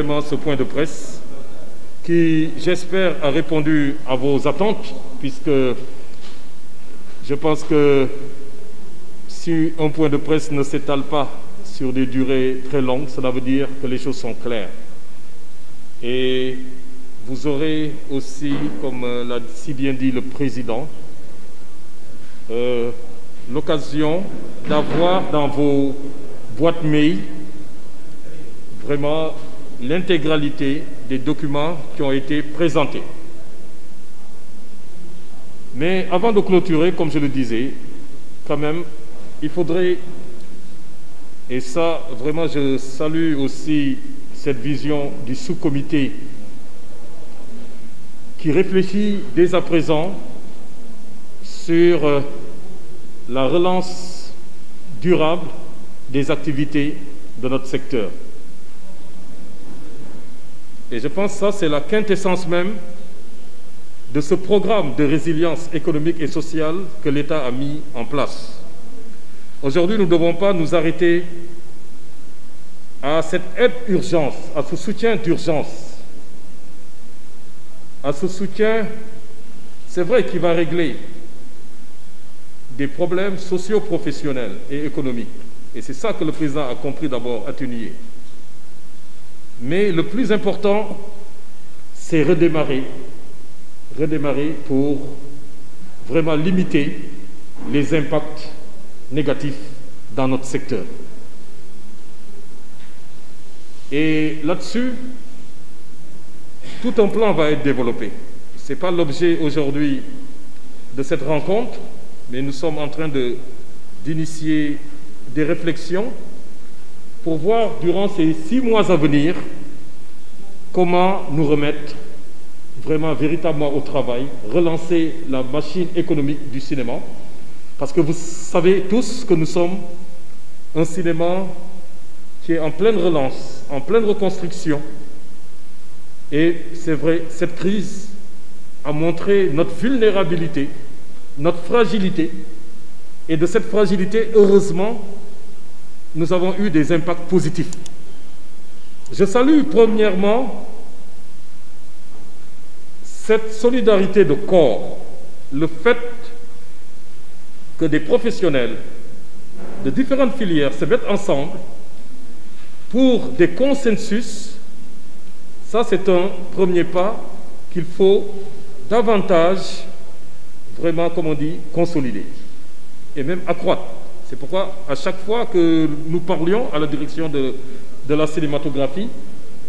vraiment ce point de presse qui, j'espère, a répondu à vos attentes, puisque je pense que si un point de presse ne s'étale pas sur des durées très longues, cela veut dire que les choses sont claires. Et vous aurez aussi, comme l'a si bien dit le président, euh, l'occasion d'avoir dans vos boîtes mail vraiment l'intégralité des documents qui ont été présentés. Mais avant de clôturer, comme je le disais, quand même, il faudrait, et ça vraiment je salue aussi cette vision du sous-comité qui réfléchit dès à présent sur euh, la relance durable des activités de notre secteur. Et je pense que ça, c'est la quintessence même de ce programme de résilience économique et sociale que l'État a mis en place. Aujourd'hui, nous ne devons pas nous arrêter à cette aide urgence, à ce soutien d'urgence, à ce soutien, c'est vrai, qui va régler des problèmes socio-professionnels et économiques. Et c'est ça que le président a compris d'abord à Mais le plus important, c'est redémarrer, redémarrer pour vraiment limiter les impacts négatifs dans notre secteur. Et là-dessus, tout un plan va être développé. Ce n'est pas l'objet aujourd'hui de cette rencontre, mais nous sommes en train d'initier de, des réflexions pour voir durant ces six mois à venir comment nous remettre vraiment véritablement au travail, relancer la machine économique du cinéma, parce que vous savez tous que nous sommes un cinéma qui est en pleine relance, en pleine reconstruction. Et c'est vrai, cette crise a montré notre vulnérabilité, notre fragilité. Et de cette fragilité, heureusement, nous avons eu des impacts positifs. Je salue premièrement cette solidarité de corps, le fait que des professionnels de différentes filières se mettent ensemble pour des consensus. Ça, c'est un premier pas qu'il faut davantage, vraiment, comme on dit, consolider et même accroître. C'est pourquoi, à chaque fois que nous parlions à la direction de de la cinématographie,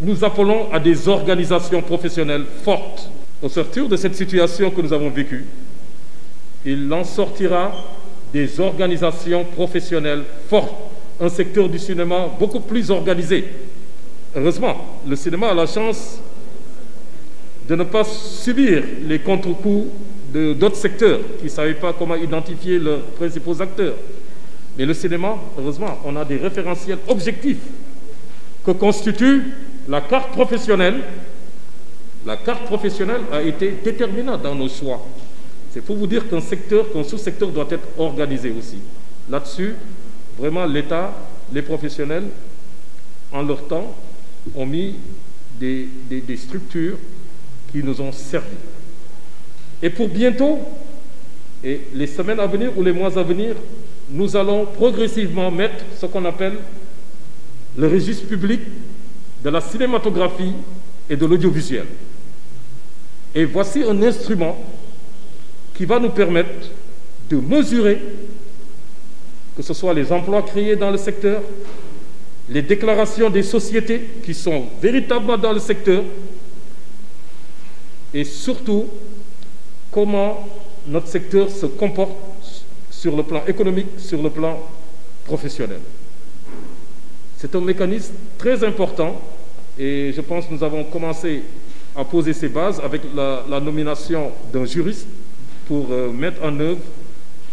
nous appelons à des organisations professionnelles fortes. Au sortir de cette situation que nous avons vécue, il en sortira des organisations professionnelles fortes, un secteur du cinéma beaucoup plus organisé. Heureusement, le cinéma a la chance de ne pas subir les contre-coups d'autres secteurs qui ne savaient pas comment identifier leurs principaux acteurs. Mais le cinéma, heureusement, on a des référentiels objectifs que constitue la carte professionnelle, la carte professionnelle a été déterminante dans nos choix. C'est pour vous dire qu'un secteur, qu'un sous-secteur doit être organisé aussi. Là-dessus, vraiment, l'État, les professionnels, en leur temps, ont mis des, des, des structures qui nous ont servi. Et pour bientôt, et les semaines à venir ou les mois à venir, nous allons progressivement mettre ce qu'on appelle le registre public de la cinématographie et de l'audiovisuel. Et voici un instrument qui va nous permettre de mesurer que ce soit les emplois créés dans le secteur, les déclarations des sociétés qui sont véritablement dans le secteur, et surtout comment notre secteur se comporte sur le plan économique, sur le plan professionnel. C'est un mécanisme très important et je pense que nous avons commencé à poser ses bases avec la, la nomination d'un juriste pour euh, mettre en œuvre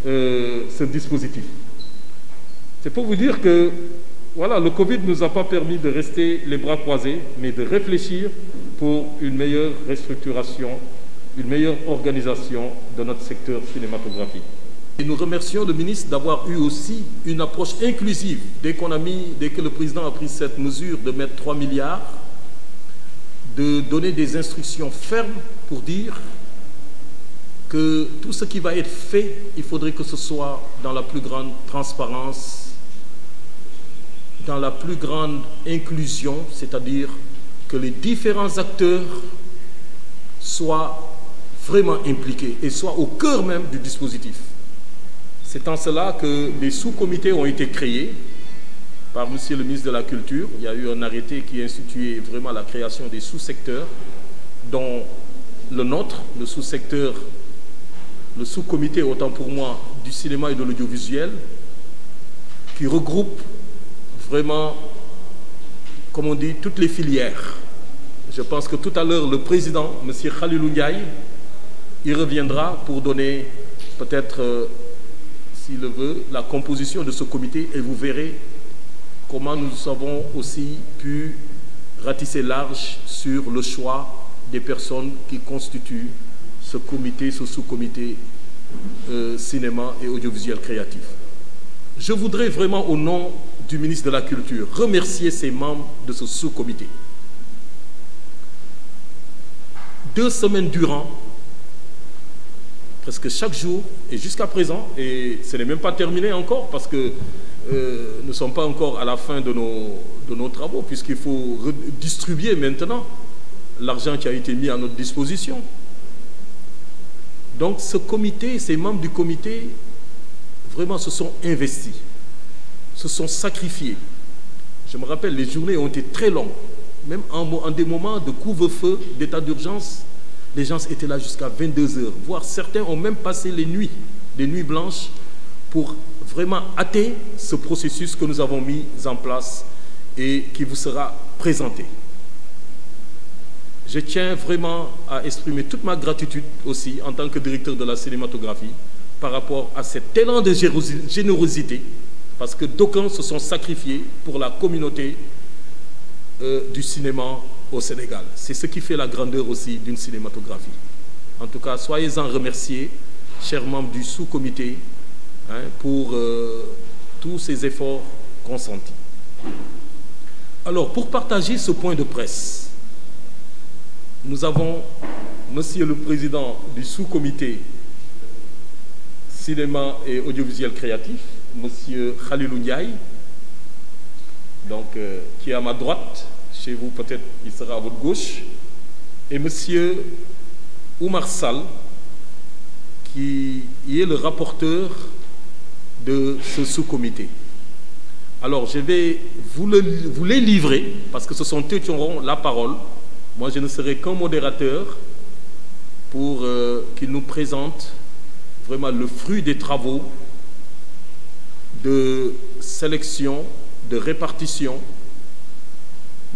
euh, ce dispositif. C'est pour vous dire que voilà, le Covid ne nous a pas permis de rester les bras croisés, mais de réfléchir pour une meilleure restructuration, une meilleure organisation de notre secteur cinématographique. Et nous remercions le ministre d'avoir eu aussi une approche inclusive dès qu'on a mis, que le président a pris cette mesure de mettre 3 milliards, de donner des instructions fermes pour dire que tout ce qui va être fait, il faudrait que ce soit dans la plus grande transparence, dans la plus grande inclusion, c'est-à-dire que les différents acteurs soient vraiment impliqués et soient au cœur même du dispositif. C'est en cela que des sous-comités ont été créés par Monsieur le ministre de la Culture. Il y a eu un arrêté qui instituait la création des sous-secteurs, dont le nôtre, le sous-secteur, le sous-comité, autant pour moi, du cinéma et de l'audiovisuel, qui regroupe vraiment, comme on dit, toutes les filières. Je pense que tout à l'heure, le président, M. Khalilou Ndiaye, il reviendra pour donner peut-être euh, s'il le veut, la composition de ce comité et vous verrez comment nous avons aussi pu ratisser large sur le choix des personnes qui constituent ce comité, ce sous-comité euh, cinéma et audiovisuel créatif. Je voudrais vraiment, au nom du ministre de la Culture, remercier ses membres de ce sous-comité. Deux semaines durant, presque chaque jour et jusqu'à présent et ce n'est même pas terminé encore parce que euh, nous ne sommes pas encore à la fin de nos, de nos travaux puisqu'il faut redistribuer maintenant l'argent qui a été mis à notre disposition. Donc ce comité, ces membres du comité, vraiment se sont investis, se sont sacrifiés. Je me rappelle, les journées ont été très longues, même en, en des moments de couvre-feu, d'état d'urgence, Les gens étaient là jusqu'à 22 heures, voire certains ont même passé les nuits, des nuits blanches, pour vraiment hâter ce processus que nous avons en place et qui vous sera Je tiens vraiment à exprimer toute ma gratitude aussi en tant que directeur de la cinématographie par rapport à cet élan de générosité, parce que d'aucuns se sont pour la communauté euh, au Sénégal. C'est ce qui fait la grandeur aussi d'une cinématographie. En tout cas, soyez-en remerciés, chers membres du sous-comité, hein, pour euh, tous ces efforts consentis. Alors, pour partager ce point de presse, nous avons Monsieur le Président du sous-comité cinéma et audiovisuel créatif, Monsieur Khalilou Ndiaye, donc, euh, qui est à ma droite, chez vous peut-être il sera à votre gauche, et monsieur Oumar Sall, qui est le rapporteur de ce sous-comité. Alors je vais vous, le, les livrer, parce que ce sont eux qui auront la parole. Moi, je ne serai qu'un modérateur pour euh, qu'ils nous présente vraiment le fruit des travaux de sélection, de répartition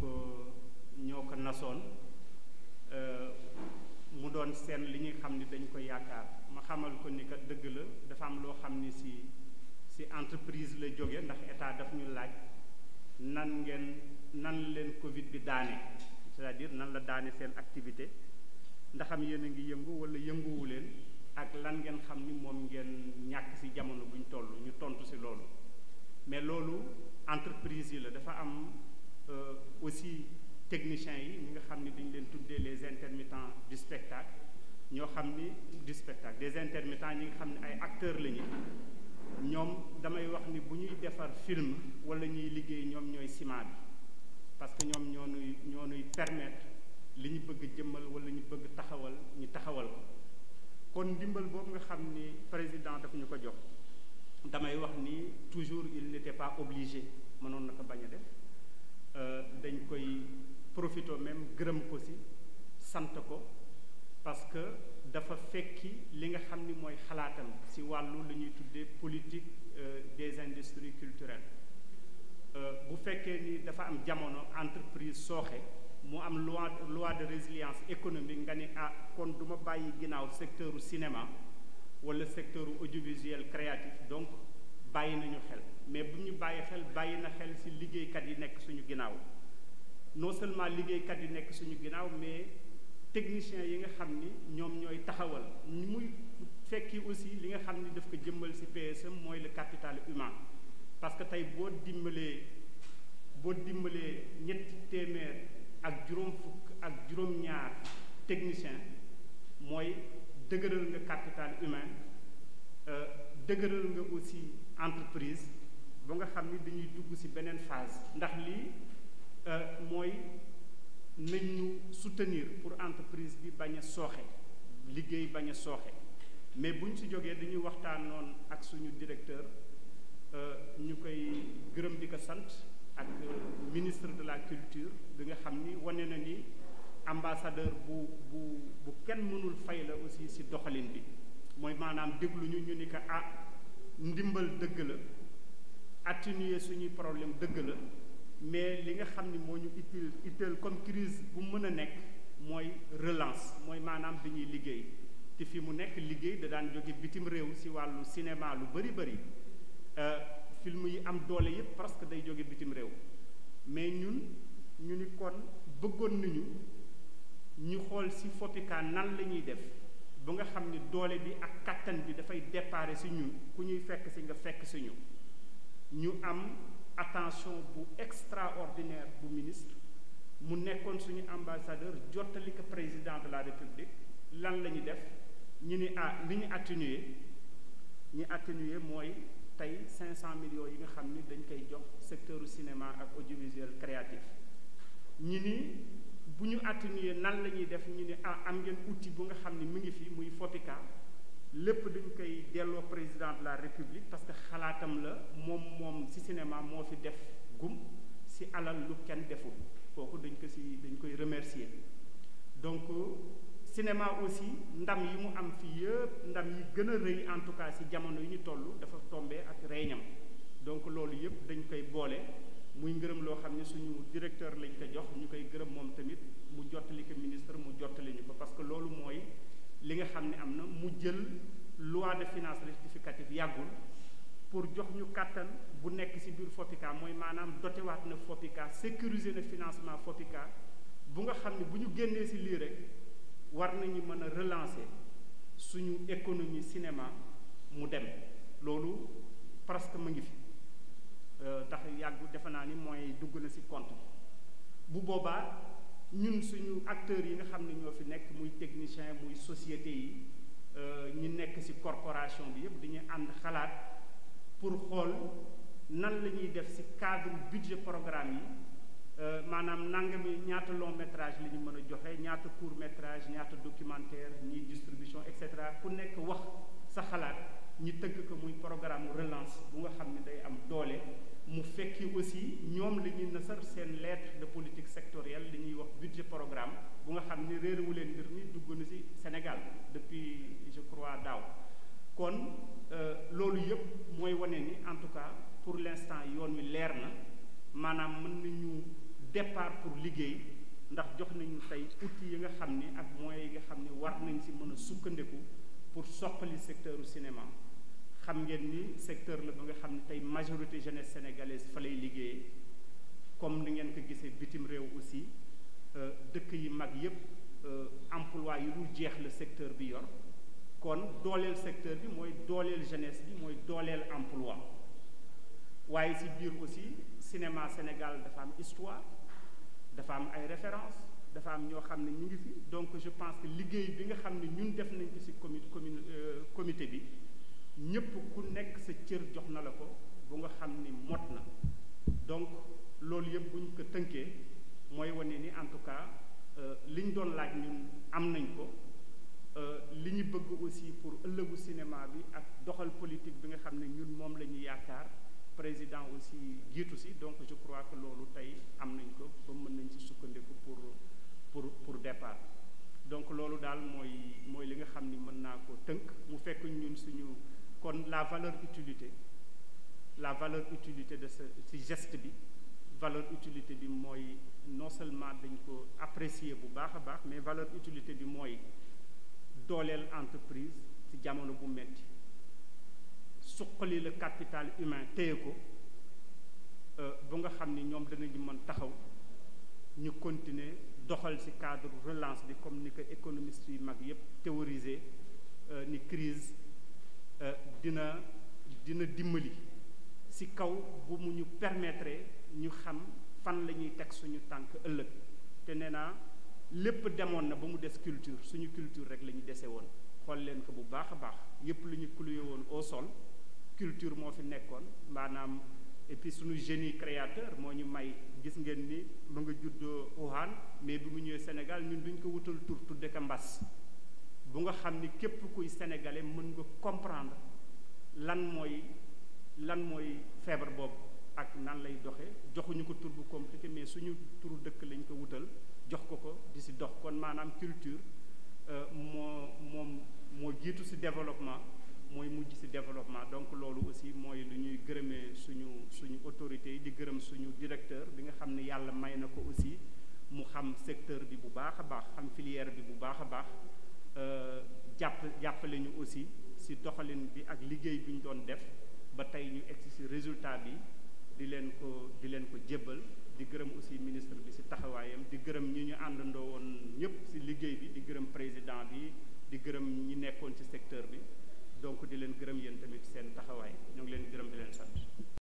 ko ñoo ko nasoon euh, mu doon seen li ñuy xam ni dañ ko yaakaar ma xamal ko ni kat dëgg la dafa am loo xam ni si si entreprise la jóge ndax état daf ñu laaj nan ngeen nan leen Covid bi daane c'est-à-dire nan la daane seen activité ndaxam am yéen ngi yëngu wala yënguwu leen ak lan ngeen xam ni moom ngeen ñàkk ci jamono buñ ñu toll ñu tontu ci loolu mais loolu entreprise yi la dafa am. Euh, aussi techniciens yi ñi nga xam ne dañ leen tuddee les intermittents du spectacle ñoo xam ni du spectacle des intermittents ñi nga xam ne ay acteurs lañu ñoom damay wax ni bu ñuy defar film wala ñuy liggéey ñoom ñooy ciment bi parce que ñoom ñoo nuy ñoo nuy permettre li ñu bëgg jëmmal walla ñu bëgg taxawal ñu taxawal ko kon ndimbal boobu nga xam ni président daf ñu ko jox damay wax ni toujours il n'était pas obligé mënoon na ko bañ a def Euh, dañ koy profito même gërëm ko si sant ko parce que dafa fekki li nga xam ni mooy xalaatam si wàllu lu ñuy tuddee politique euh, des industries culturelles euh, bu fekkee ni dafa am jamono entreprise sooxe mu am loi loi de résilience économique nga ni ah kon du ma bàyyi ginnaaw secteur u cinéma wala secteur audiovisuel créatif donc bàyyi nañu xel mais bu ñu bàyyi xel bàyyi na xel ci liggéeykat yi nekk suñu ginnaaw non seulement liggéeykat yi nekk suñu ginnaaw mais technicien yi nga xam ni ñoom ñooy taxawal ni muy fekki aussi li nga xam ni daf ko jëmbal ci PSM mooy le capital humain parce que tey boo dimbalee boo dimbalee ñetti téeméer ak juróom fukk ak juróom-ñaar technicien mooy dëgëral nga capital humain euh, dëgëral nga aussi entreprise ba nga xam ni dañuy dugg ci beneen phase ndax lii euh, mooy nañ ñu soutenir pour entreprise bi bañ a sooxe liggéey bañ a sooxe mais buñ ci jógee dañuy waxtaan noonu ak suñu directeur euh, ñu koy gërëm di ko sant ak euh, ministre de la culture bi nga xam ni wane na ni ambassadeur bu bu bu kenn mënul fay la aussi ci doxalin bi mooy maanaam déglu ñu ñu ni ko ah ndimbal dëgg la atténuer suñuy problème dëgg la mais li nga xam ni moo ñu utile utile comme crise bu mën a nekk mooy relance mooy maanaam bi ñuy liggéey te fii mu nekk liggéey da daan jóge bitim réew si wàllu cinéma lu bëri bëri euh, film yi am doole yépp parce que day jóge bitim réew mais ñun ñu ni kon bëggoon nañu ñu xool si Fopica nan la ñuy def ba nga xam ni doole bi ak kattan bi dafay déparé si ñun ku ñuy fekk si nga fekk si ñu ñu am attention bu extraordinaire bu ministre mu nekkoon suñu ambassadeur jottali ko président de la république lan la ñu def ñu ni ah li ñu attenuer ñu atténuer mooy tey cinq cent millions yi nga xam ni dañ koy jox secteur cinéma ak audiovisuel créatif ñi ni bu ñu atténuer nan la ñuy def ñu ni ah am ngeen outil bu nga xam ni mu ngi fi muy FOPICA lépp dañ koy delloo président de la république parce que xalaatam la moom moom ci cinéma moo fi def gum ci alal lu kenn deful kooku dañ ko ci dañ koy remercier donc cinéma aussi ndam yi mu am fii yëpp ndam yi gën a rëy en tout cas ci jamono yu ñu toll dafa tombé ak réñam donc loolu yëpp dañ koy boole muy ngërëm loo xam ne suñu directeur lañ ko jox ñu koy gërëm moom tamit mu li ko ministre mu jottali ñu ko jël loi de finances rectificative yàggul pour jox ñu kàttan bu nekk ci biir FOPICA mooy maanaam dotewaat na FOPICA sécuriser na financement FOPICA bu nga xam ne bu ñu génnee ci lii rek war nañu mën a relancer suñu économie cinéma mu dem loolu presque mu ngi fi ndax euh, yàggu defe naa ni mooy dugg na ci compte bu boobaa ñun suñu acteurs yi nga xam ne ñoo fi nekk muy technicien muy société yi ñi nekk ci corporation bi yëpp dañuy ànd xalaat pour xool nan la ñuy def ci cadre budget programme yi euh, maanaam nangami ñaata long métrage la ñu mën a joxe ñaata court métrage ñaata documentaire ñi distribution et cetera ku nekk wax sa xalaat ñi tëgg ko muy programme relance bu nga xam ni day am doole mu fekki aussi ñoom lañuy ñuy nasar seen lettre de politique sectorielle li ñuy wax budget programme bu nga xam ni réerewu leen mbir mi dugg na ci Sénégal depuis je crois daaw kon euh, loolu yëpp mooy wane ni en tout cas pour l'instant yoon wi leer na maanaam mën nañu départ pour liggéey ndax jox nañu tey outils yi nga xam ni ak moyens yi nga xam ni war nañ ci mën a sukkandiku pour soppali secteur u cinéma xam ngeen ni secteur la ba nga xam ne tey majorité jeunesse sénégalaise fa lay liggéeyee comme ni ngeen ko gisee bitim réew aussi euh, dëkk yi mag yépp euh, emploi yi dul jeex la secteur bi yor kon dooleel secteur bi mooy dooleel jeunesse bi mooy dooleel emploi waaye ci biir aussi cinéma Sénégal dafa am histoire dafa am ay référence dafa am ñoo xam ne ñu ngi fi donc je pense que liggéey bi nga xam ne ñun def nañ ko ci comi euh, comité bi ñépp ku nekk sa cër jox na la ko bu nga xam ni mot na donc loolu yëpp buñ ko tënkee mooy wane ni en tout cas euh, li ñu doon laaj ñun am nañ ko euh, li ñu bëgg aussi pour ëllëgu cinéma bi ak doxal politique bi nga xam ne ñun moom la ñu yaakaar président aussi jiitu si donc je crois que loolu tey am nañ ko ba mën nañ ci sukkandiku pour pour pour départ donc loolu daal mooy mooy li nga xam ni mën naa ko tënk mu fekk ñun suñu kon la valeur utilité la valeur utilité de ce ci geste bi valeur utilité bi mooy non seulement dañ ko apprécier bu baax a baax mais valeur utilité bi mooy dooleel entreprise ci jamono bu metti suqali le capital humain téye ko euh, bu nga xam ni ñoom danañu mën taxaw ñu continuer doxal ci cadre relance bi comme ni ko économistes yu mag yépp théorisé euh, ni crise Euh, dina dina dimbali si kaw bu mu ñu permettre ñu xam fan la ñuy teg suñu tànk ëllëg te nee naa lépp demoon na ba mu des culture suñu culture rek la ñu dese woon xool leen ko bu baax a baax yépp lu ñu cloué woon au sol culture moo fi nekkoon maanaam et puis suñu génie créateur moo ñu may gis ngeen ni mu nga juddoo Wuhan mais bi mu ñëwee Sénégal ñun duñ ko wutal tur tudde ka mbas bu nga xam ni képp kuy sénégalais mën nga comprendre lan mooy lan mooy feebar boobu ak nan lay doxee joxuñu ko tur bu compliqué mais suñu turu dëkk lañ ko wutal jox ko ko di si dox kon maanaam culture euh, moo moom moo jiitu si développement mooy mujj si développement donc loolu aussi mooy lu ñuy gërëmee suñu suñu autorités yi di gërëm suñu directeur bi nga xam ni yàlla may na ko aussi mu xam secteur bi bu baax a baax xam filière bi bu baax a baax Euh, jàpp jàppale ñu aussi si doxalin bi ak liggéey bi ñu doon def ba tey ñu egsi si résultat bi di leen ko di leen ko jébbal di gërëm aussi ministre bi si taxawaayam di gërëm ñi ñu àndandoo woon ñëpp si liggéey bi di gërëm président bi di gërëm ñi nekkoon ci secteur bi donc di leen gërëm yéen tamit seen taxawaay ñoo ngi leen gërëm di leen sant.